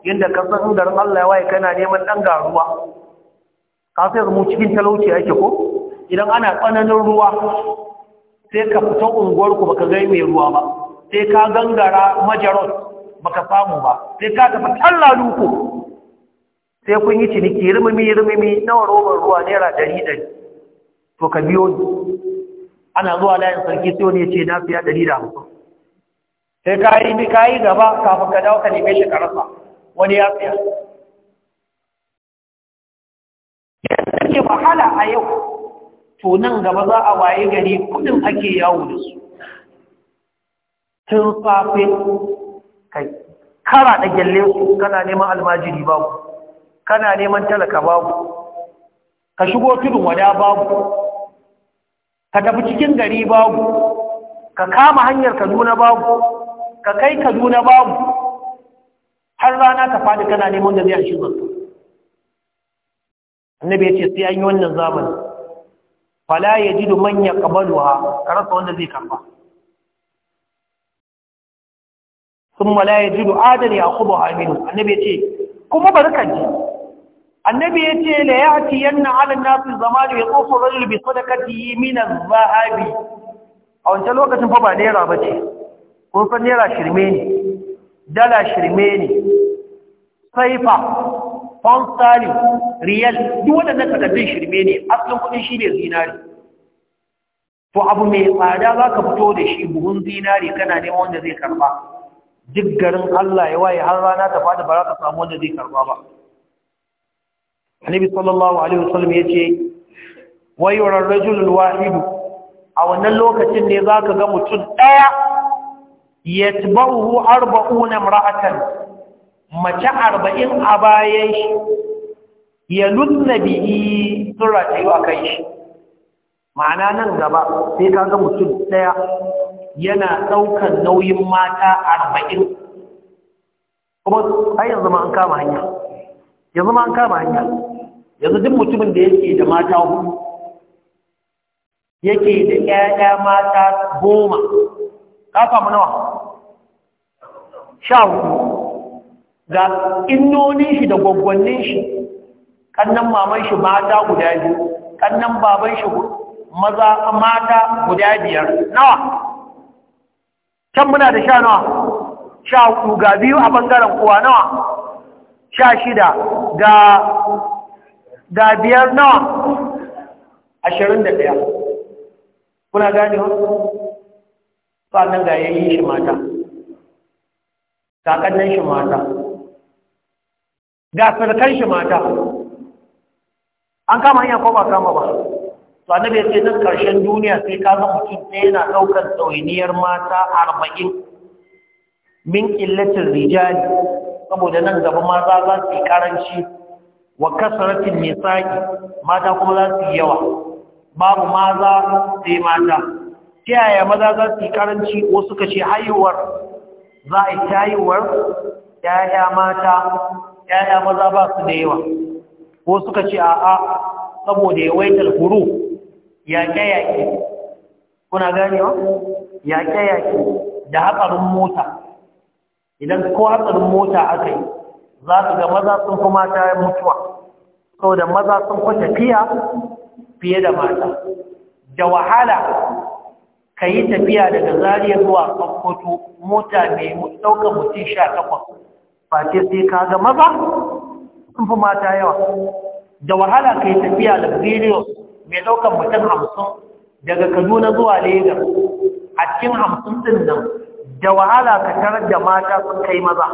yadda ka san garin Allah ya waye kana neman ɗan garuwa ka sai mu cikin talauci ake ko idan ana tsananin ruwa sai ka fita unguwarku baka gai mai ruwa ba sai ka gangara majarot baka samu ba sai ka tafi tallalu ko sai kun yi ciniki rimimi rimimi na roban ruwa naira dari dari to ka biyo ni ana zuwa layin sarki sai wani ya ce na fiya dari da hamsin sai ka yi mi ka yi gaba kafin ka dawo ka neme shi ka rasa wani ya fiya yadda ke wahala a yau to nan gaba za a waye gari kudin ake yawo da su tun safe kai kara da gelle kana neman almajiri babu kana neman talaka babu ka shigo tudun wada babu ka tafi cikin gari babu ka kama hanyar kaduna babu ka kai kaduna babu har rana ka fadi kana neman da zai shigo annabi ya ce sai an yi wannan zamani fala yajidu man yaqbaluha karasa wanda zai karba sun malaye ya jiru adali a kubo Aminu, annabi ya ce kuma barkan ji annabi ya ce da ya ci yanna halin nasu zamani ya tsofin rajul bi sadakati mina zahabi a wancan lokacin fa ba naira ba ce kun naira shirme ne dala shirme ne saifa fonsali, riyal duk waɗannan takardun shirme ne asalin kuɗin shi ne zinari to abu mai tsada zaka fito da shi buhun zinari kana neman wanda zai karba duk garin Allah ya waye har rana ta fada baraka za samu wanda zai karba ba annabi sallallahu alaihi wasallam yace wayura ar-rajul al-wahid a wannan lokacin ne zaka ga mutum daya yatba'uhu 40 imra'atan mace 40 a bayan shi ya lunna bihi sura ta yi kai shi ma'ana nan gaba sai ka ga mutum daya yana ɗaukar nauyin mata arba'in kuma ai yanzu ma an kama hanya yanzu ma an kama hanya yanzu duk mutumin da yake da mata hudu yake da ƴaƴa mata goma kafa mu nawa sha hudu ga innonin shi da gwaggwannin shi kannan maman shi mata guda biyu kannan baban shi maza mata guda biyar nawa can muna da sha nawa sha hudu ga biyu a bangaren kuwa nawa sha shida ga ga biyar nawa ashirin da ɗaya kuna gane wa sannan ga yayi shi mata kakannan shi mata ga sarkar shi mata an kama hanyar koma kama ba to bai sai nan karshen duniya sai ka zama mutum ɗaya yana ɗaukar tsawainiyar mata arba'in min illatin rijali saboda nan gaba maza za su yi karanci wa kasaratin nisa'i mata kuma za su yi yawa babu maza sai mata ta yaya maza za su yi karanci wasu kashe haihuwar za a yi haihuwar ‘ya'ya mata ‘ya'ya maza ba su da yawa ko suka ce a'a saboda yawaitar huru yaƙe-yaƙe kuna ganewa yaƙe-yaƙe da hatsarin mota idan ko hatsarin mota aka yi za su ga maza sun fi mata mutuwa saboda maza sun fi tafiya fiye da mata da wahala ka yi tafiya daga zariya zuwa kwakwato mota mai ɗaukar mutum sha takwas Fati sai ka ga maza sun fi mata yawa da wahala ka yi tafiya da mai ɗaukan mutum hamsin daga kaduna zuwa Legas, a cikin hamsin din nan da wahala ka tarar da mata sun kai maza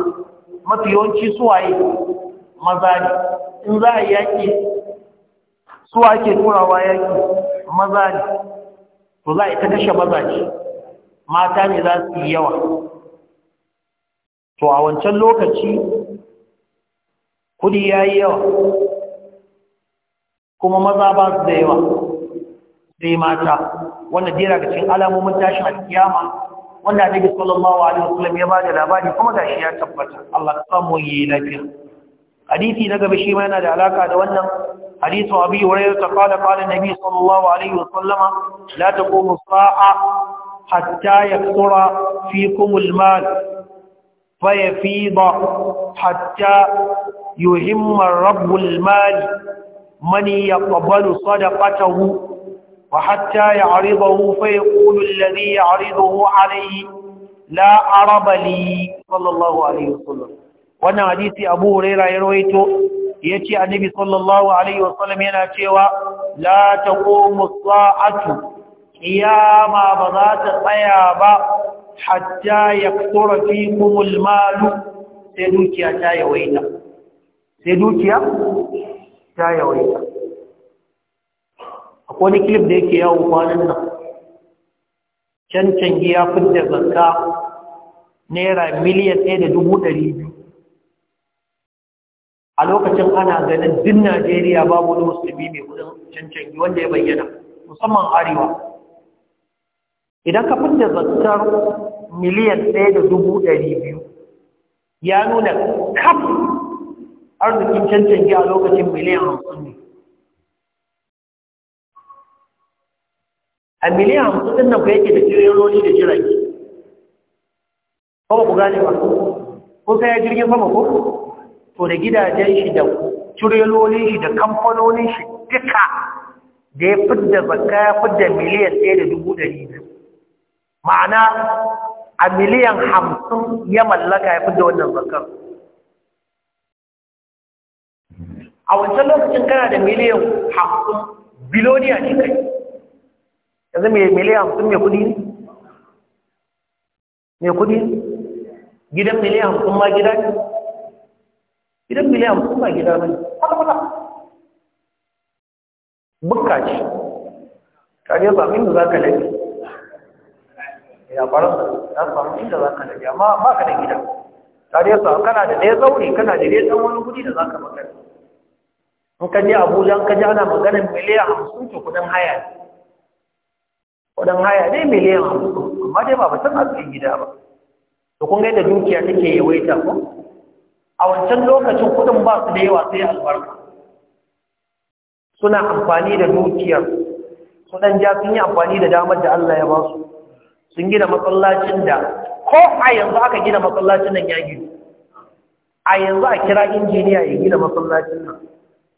mafi yawanci suwaye maza ne in za a yaƙi suwa ke turawa yaƙi maza ne to za a ita kashe maza ce mata ne za su yi yawa to a wancan lokaci kudi ya yi yawa kuma maza ba su da yawa sai mata wannan dira ga cikin alamomin tashin alkiyama Wannan annabi sallallahu alaihi wasallam ya bada labari kuma gashi ya tabbata Allah ya samu yi lafiya hadisi na gaba shi ma yana da alaka da wannan hadisi abi hurairah ta qala qala nabi sallallahu alaihi wasallama la taqumu sa'a hatta yaksura fikum almal fa yafida hatta yuhimma rabbul mal من يقبل صدقته وحتى يعرضه فيقول الذي يعرضه عليه لا عرب لي صلى الله عليه وسلم وانا حديث أبو هريرة يرويته ياتي النبي صلى الله عليه وسلم تيوا لا تقوم الصاعة قياما بذات طيابا حتى يكثر فيكم المال سيدوكيا تايوينا سيدوكيا ta yawaita akwai wani clip da yake yawo kwanan nan cancan ya fidda zanka naira miliyan ɗaya da dubu ɗari biyu a lokacin ana ganin din najeriya babu wani musulmi mai kudin cancan wanda ya bayyana musamman arewa idan ka fidda zankar miliyan ɗaya da dubu ɗari biyu ya nuna kaf arzikin cancanci a lokacin miliyan hamsin ne a miliyan hamsin din nan ku yake da roli da jirage Kuma ku gane ba ko sai ya jirgin sama ko to da gidajen shi da tirelolin shi da kamfanonin shi duka da ya fidda baka ya fidda miliyan ɗaya da dubu ɗari biyu ma'ana a miliyan hamsin ya mallaka ya fidda wannan bakar a wancan lokacin kana da miliyan hamsin biloniya ne kai yanzu mai miliyan hamsin mai kudi ne mai kudi gidan miliyan hamsin ma gida ne gidan miliyan hamsin ma gida ne kwata-kwata bukka ce kariya ba min za ka lafi ya faransa, da samu inda za ka lafi amma ba ka da gida kariya sa kana da ne zaune kana da ne ɗan wani kudi da za ka makarai in ka je abuja in ka je ana maganin miliyan hamsin to kudin haya ne kudin haya ne miliyan hamsin amma dai ba batun arzikin gida ba to kun ga yadda dukiya take yawaita ko a wancan lokacin kudin ba su da yawa sai albarka suna amfani da dukiyar su dan ja sun yi amfani da damar da Allah ya ba su sun gina masallacin da ko a yanzu aka gina masallacin nan ya gina a yanzu a kira injiniya ya gina masallacin nan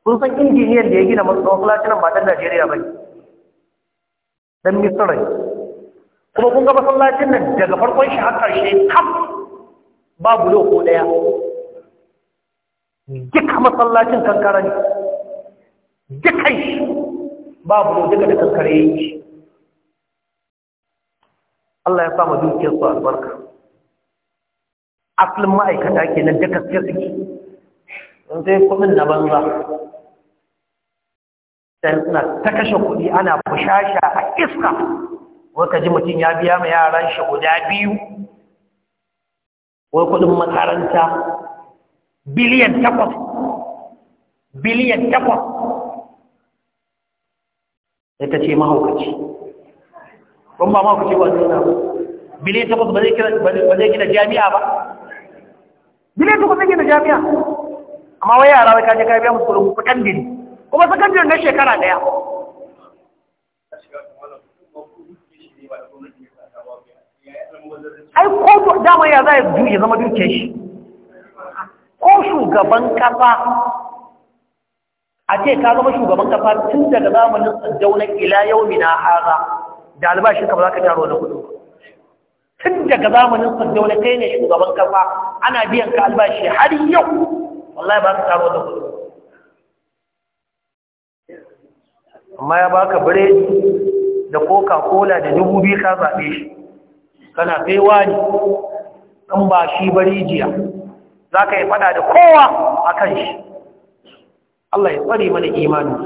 kun san injiniyan da ya gina masu nan ba ɗan najeriya ba dan misira kuma kun ga masallacin nan daga farkon shi har ƙarshe kaf babu loko ko ɗaya duka masallacin kankara ne duka shi babu lo duka da kankare shi. Allah ya sa ma dukiyar su albarka asalin ma'aikata ke nan duka suke suke sai kuɗin na banza sai suna ta kashe kuɗi ana fusasha a iska wai ka ji mutum ya biya ma yaran shi guda biyu wai kuɗin makaranta biliyan takwas biliyan takwas sai ta ce mahaukaci ban ba mahaukaci ba zai na biliyan takwas ba zai gina jami'a ba biliyan takwas zai gina jami'a amma wai yara wai kaje ka biya musu kuɗin kuɗin kuma sakandare na shekara daya ai ko dama ya za ya zama dukiyar shi ko shugaban kafa a ce ka zama shugaban kafa tun daga zamanin tsajjaunan ila yau mina haza da albashin ba za ka taro da kudu tun daga zamanin tsajjaunan kai ne shugaban kafa ana biyan ka albashi har yau wallahi ba ka taro da kudu amma ya baka biredi da coca-cola da dubu biyu ka zaɓe shi kana kaiwa ne in ba shi bari jiya za ka yi fada da kowa a kan shi Allah ya tsari mana imanin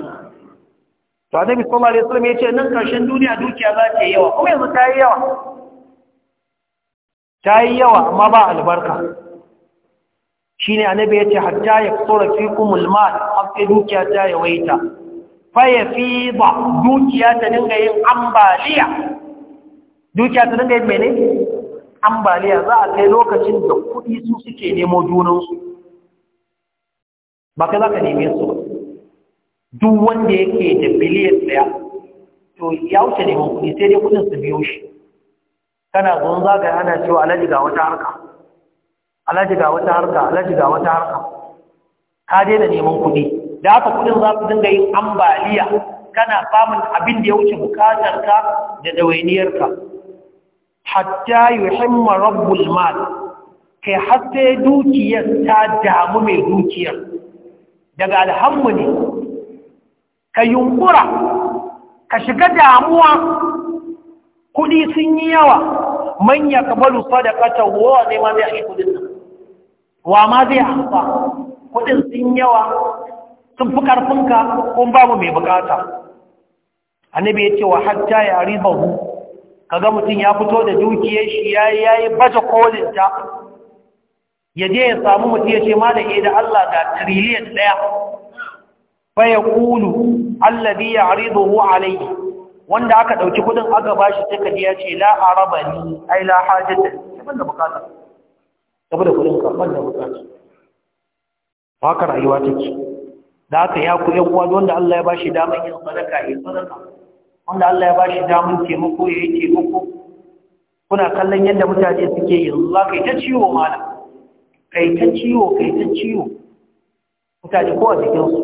to annabi sallallahu alaihi wasallam yace nan karshen duniya dukiya za ta yi yawa kuma yanzu ta yi yawa ta yi yawa amma ba albarka shine annabi yace hatta yaksura fikum almal har sai dukiya ta yawaita faya fi ba dukiya ta dinga yin ambaliya dukiya ta dinga yin mene ambaliya za a kai lokacin da kuɗi su suke nemo junansu ba kai za ka neme su duk wanda yake da biliyan daya to ya wuce neman kuɗi sai dai kudin su biyo shi kana zuwan zagaya ana cewa alaji ga wata harka alaji ga wata harka alaji ga wata harka ka daina neman kuɗi da haka kudin za su dinga yin ambaliya kana samun abin da ya wuce bukatarka da dawainiyarka hatta yuhimma rabbul mal kai hatta dukiyar ta damu mai dukiyar daga alhammu ne ka yunkura ka shiga damuwa kudi sun yi yawa manya kabalu sadaqata wa ne ma zai yi kudin nan wa ma zai amfa. kudin sun yawa sun fi karfinka kun babu mai bukata annabi ya ce wa hatta ya ribahu kaga mutum ya fito da dukiyar shi ya yi baje kolin ta je ya samu mutum ya ce ma eh, da Allah ga trillion daya fa yaqulu alladhi ya'riduhu alayhi wanda aka ɗauki kudin aka bashi ta kaji ya ce la ni ai la ban da bukata saboda kudin ka da bukata ka rayuwa take da haka ya ku yan kwado wanda Allah ya bashi damar yin sadaka yin sadaka wanda Allah ya bashi damar taimako ya yi taimako kuna kallon yadda mutane suke yanzu za kai ta ciwo mana, kai ta ciwo kai ta ciwo mutane ko a jikinsu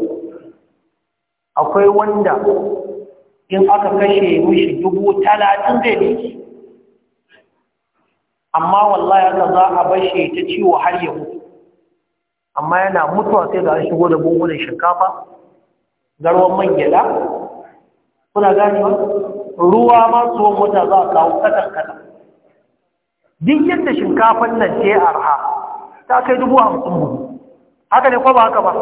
akwai wanda in aka kashe mishi dubu talatin zai ne amma wallahi aka za a bashe ta ciwo har ya mutu amma yana mutuwa sai ga shigo da bungunan shinkafa garwan man gyada kuna gani ba ruwa ma tuwon wata za a kawo katan katan duk yadda shinkafan nan ce arha ta kai dubu hamsin buhu haka ne ko ba haka ba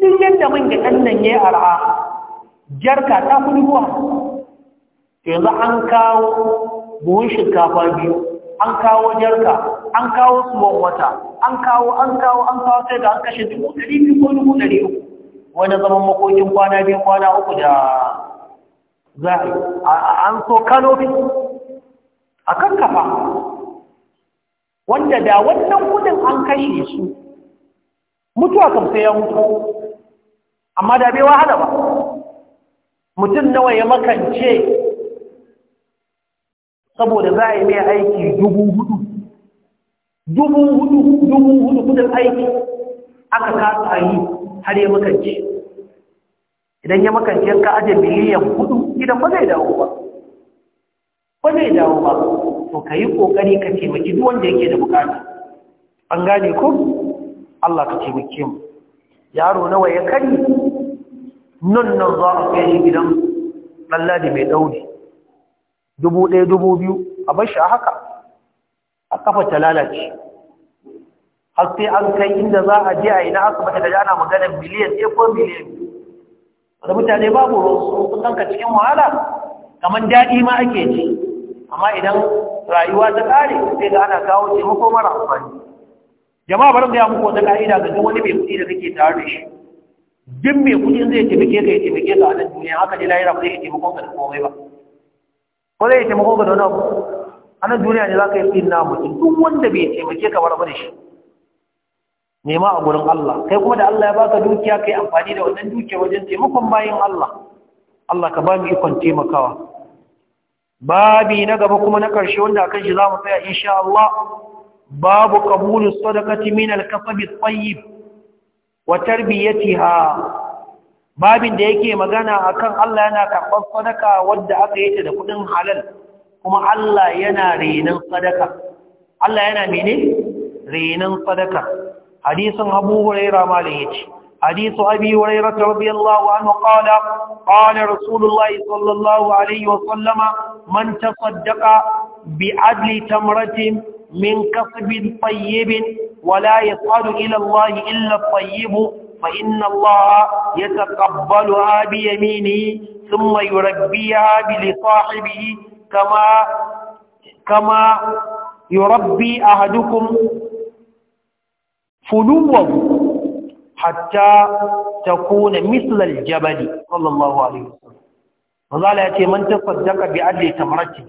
duk yadda man gyadan nan ya arha jarka ta fi dubu hamsin yanzu an kawo buhun shinkafa biyu an kawo jarka an kawo suwan wata an kawo an kawo an kawo sai da an kashe dubu ɗari biyu ko dubu ɗari uku wani zaman makokin kwana biyu kwana uku da za an so biyu. a kan kafa. wanda da wannan kudin an kashe su mutuwa kam sai ya mutu amma da bai wahala ba mutum nawa ya makance saboda za a yi mai aiki dubu hudu dubu hudu dubu hudu kudin aiki aka kasa a yi har ya makance idan ya makance ka aje miliyan hudu idan ba zai dawo ba ba zai dawo ba to ka yi kokari ka taimaki duwan wanda yake da bukata an gane ku? Allah ka taimake mu yaro nawa ya kari nan nan za a kai shi gidan ɗan mai ɗauri dubu ɗaya dubu biyu a bashi a haka a kafa ta lalace har sai an kai inda za a je a ina asibiti da ana magana miliyan ɗaya ko miliyan biyu da mutane babu rosu sun kanka cikin wahala kamar daɗi ma ake ji amma idan rayuwa ta ƙare sai da ana kawo taimako mara amfani jama'a bari mu ya muku wata ka'ida ga duk wani mai kuɗi da kake tare da shi duk mai kuɗi zai taimake ka ya taimake ka a nan duniya haka ne lahira ba zai taimakon ka da komai ba ko zai taimako ga wani abu a nan duniya ne za ka yi fi na mutum duk wanda bai taimake ka rabu da shi nema a gurin Allah kai kuma da Allah ya baka dukiya kai amfani da wannan dukiya wajen taimakon bayin Allah Allah ka ba mu ikon taimakawa babi na gaba kuma na karshe wanda akan shi zamu tsaya insha Allah babu qabulu sadaqati min al-kasb at-tayyib wa tarbiyatiha babin da yake magana akan Allah yana karɓar sadaka wadda aka yi ta da kuɗin halal kuma Allah yana renin sadaka Allah yana mene renin sadaka hadisin Abu Hurairah ma da yake hadisu Abi Hurairah radiyallahu anhu sallallahu alaihi wa sallama man tasaddaqa bi adli tamratin min kasbin tayyibin wala, la yasalu ila Allah illa tayyibun فإن الله يتقبلها بيمينه ثم يربيها لصاحبه كما كما يربي أحدكم فلوه حتى تكون مثل الجبل صلى الله عليه وسلم فقال يأتي من تصدق بأدل تمرته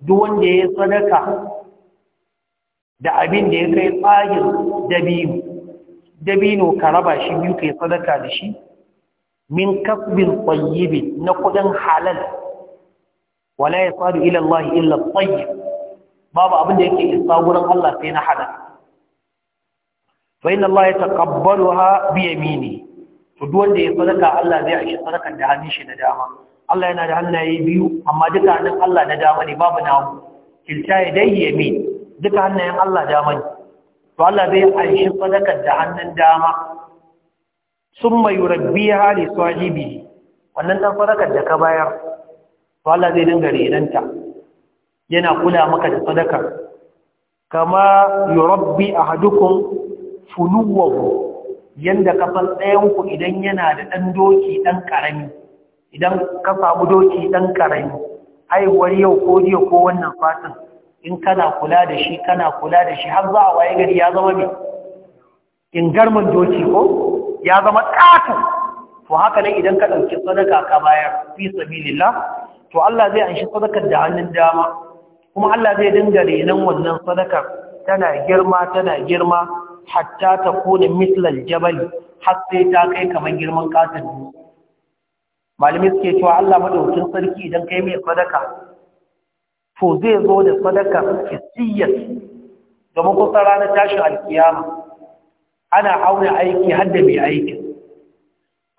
دون دي صدقة da abin da ya kai tsagin dabibu dabino ka raba shi biyu ke sadaka da shi min kasbin tayyib na kudin halal wala yasadu ila Allah illa tayyib babu abin da yake isa wurin Allah sai na halal fa inna Allah yataqabbaluha bi yamini to duk wanda ya sadaka Allah zai aishi sadakan da hannun shi na dama Allah yana da hannaye biyu amma duka hannun Allah na dama ne babu nawo kilta yadayhi yamin duka hannayen Allah dama ne to Allah zai sadakar da hannun dama sun mai rabbi hali sahibi wannan dan sadakar da ka bayar to Allah zai dinga renanta yana kula maka da sadakar kama yurabbi ahadukum fuluwahu yanda kafan ɗayan ku idan yana da ɗan doki ɗan karami idan ka samu doki ɗan ƙarami haihuwar yau ko jiya ko wannan fatin in kana kula da shi kana kula da shi har za a waye gari ya zama ne in garmin doki ko ya zama ƙato to haka nan idan ka ɗauki sadaka ka bayar fi sabilillah to Allah zai anshi sadakar da hannun dama kuma Allah zai dinga renon wannan sadakar tana girma tana girma hatta ta kone mislal jabali har sai ta kai kamar girman katon dutse malami suke cewa Allah madaukakin sarki idan kai mai sadaka to zai zo da sadaka da domin kusan ranar tashin alkiyama ana auna aiki hadda mai aikin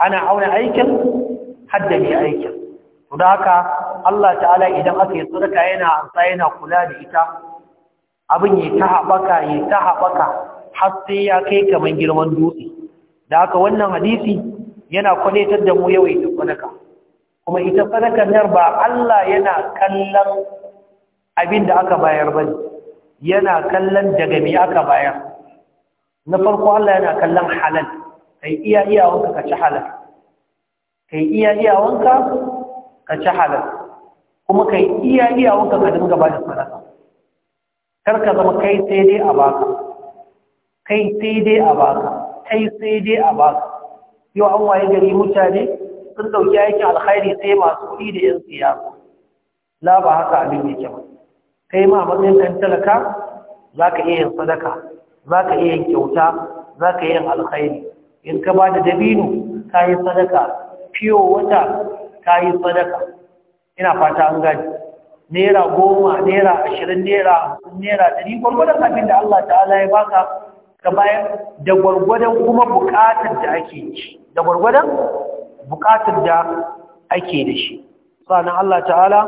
ana auna aikin hadda mai aikin to haka Allah ta'ala idan aka yi sadaka yana amsa yana kula da ita abin yi ta haɓaka yi ta haɓaka har sai ya kai kamar girman dutse da haka wannan hadisi yana kwaletar da mu yawaita sadaka kuma ita sadakar nan ba Allah yana kallon abin da aka bayar ba yana kallon daga me aka bayar na farko Allah yana kallon halal kai iya iyawanka ka ci halal kai iya wanka ka ci halal kuma kai iya iyawanka ka dinga ba da sadaka kar ka zama kai sai dai a baka kai sai dai a baka kai sai dai a baka yau an waye gari mutane sun dauki aikin alkhairi sai masu kuɗi da yan siyasa la ba haka abin yake ba kai ma matsayin kan talaka za ka iya yin sadaka za ka iya yin kyauta za ka iya yin alkhairi in ka ba da dabino ka yi sadaka fiyo wata ka yi sadaka ina fata an gani naira goma naira ashirin naira hamsin naira ɗari gwargwadon abin da allah ta'ala ya baka ka bayar da gwargwadon kuma buƙatar da ake ci da gwargwadon buƙatar da ake da shi sannan allah ta'ala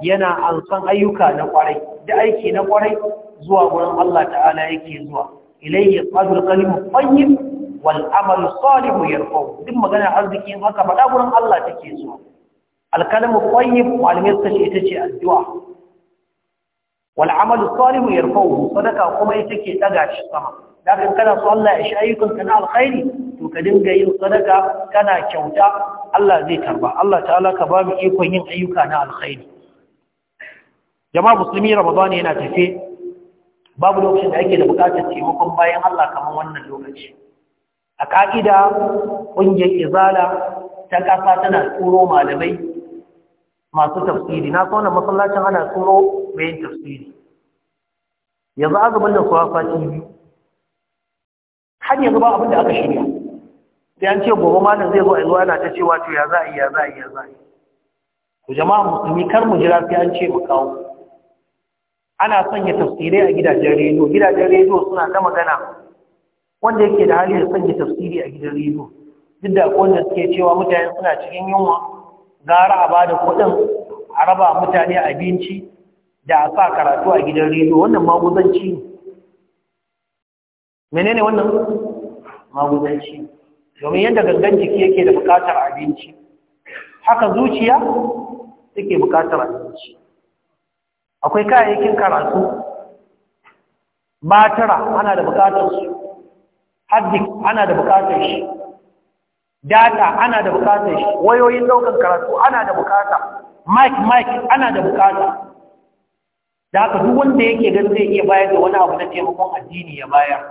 yana ansan ayyuka na kwarai da aiki na kwarai zuwa wurin Allah ta'ala yake zuwa ilayhi qadru kalimu tayyib wal amal salihu yarfa'u duk magana arziki haka aka faɗa wurin Allah take zuwa al tayyib malumin ita ce addu'a wal amal salihu sadaka kuma ita ke daga shi sama daga kana so Allah ya shi ayyukan kana alkhairi to ka dinga yin sadaka kana kyauta Allah zai karba Allah ta'ala ka ba mu ikon yin ayyuka na alkhairi jama'a musulmi ramadan yana tafe babu lokacin da ake da bukatar taimakon bayan Allah kamar wannan lokaci a ka'ida ƙungiyar izala ta kasa tana turo malamai masu tafsiri na sauna masallacin ana turo yin tafsiri yanzu azumin da suwa sati tv har yanzu ba abin da aka shirya sai an ce gobe malam zai zo a zuwa ana ta cewa to ya za a yi ya za a yi ya za a yi ku jama'a musulmi kar mu jira sai an ce mu kawo ana sanya tafsirai a gidajen rediyo gidajen rediyo suna ta magana wanda yake da hali ya sanya tafsiri a gidan rediyo duk da wanda suke cewa mutane suna cikin yunwa gara a bada kuɗin a raba mutane abinci da a sa karatu a gidan rediyo wannan maguzanci ne menene wannan maguzanci domin yadda gangan jiki yake da buƙatar abinci haka zuciya take buƙatar abinci akwai kayayyakin karatu batara ana da bukatar su haddik ana da bukatar shi data ana da bukatar shi wayoyin daukan karatu ana da bukata mic mic ana da bukata da haka duk wanda yake ganin zai iya bayar da wani abu na taimakon addini ya bayar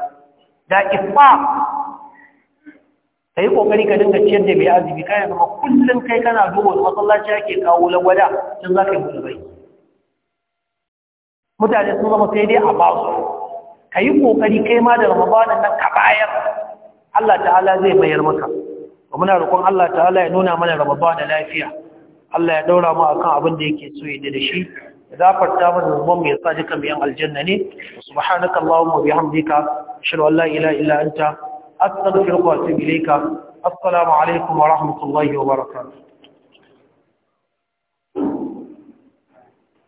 da ifa ka yi ƙoƙari ka dinga ciyar da mai azumi kayan zama kullum kai kana duba masallaci ake kawo lagwada tun za ka yi mutu bai mutane sun zama sai dai a ba su ka yi ƙoƙari kai ma da ramadanin nan ka bayar Allah ta'ala zai bayar maka ba muna rukun Allah ta'ala ya nuna mana da lafiya Allah ya daura mu akan abin da yake so ya da shi ya zafarta mana zuwan mai sa duka mai yan aljanna ne subhanaka allahumma bihamdika ashhadu an la ilaha illa anta astaghfiruka wa atubu ilayka assalamu alaikum wa rahmatullahi wa barakatuh